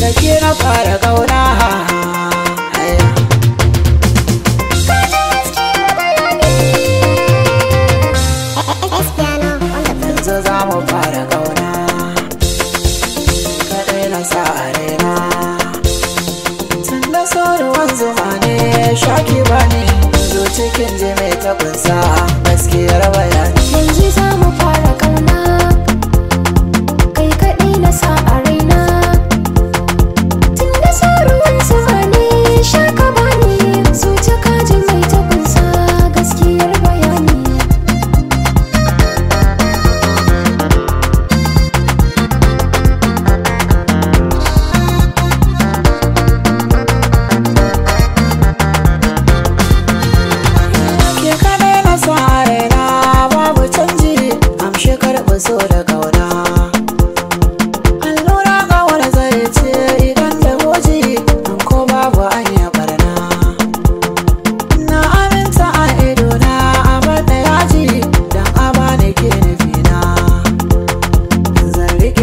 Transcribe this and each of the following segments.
da ke na fara kauna Yanzu za mu fara kauna Ka daina sa a raina Tun da sauruwan zuma ne shaki bani. ne cikin jima'i ta gusa. kunsa gaskiyar bayani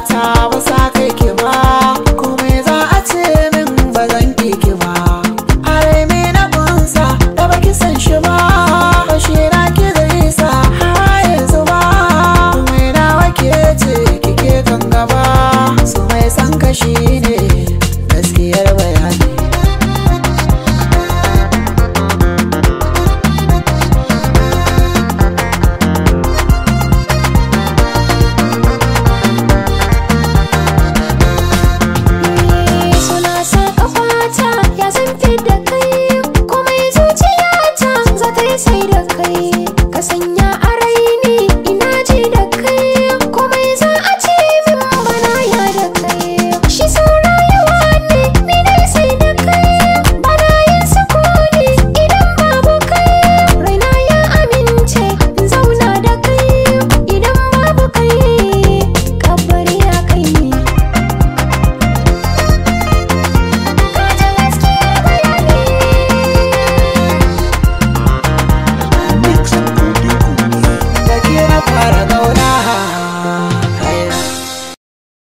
ta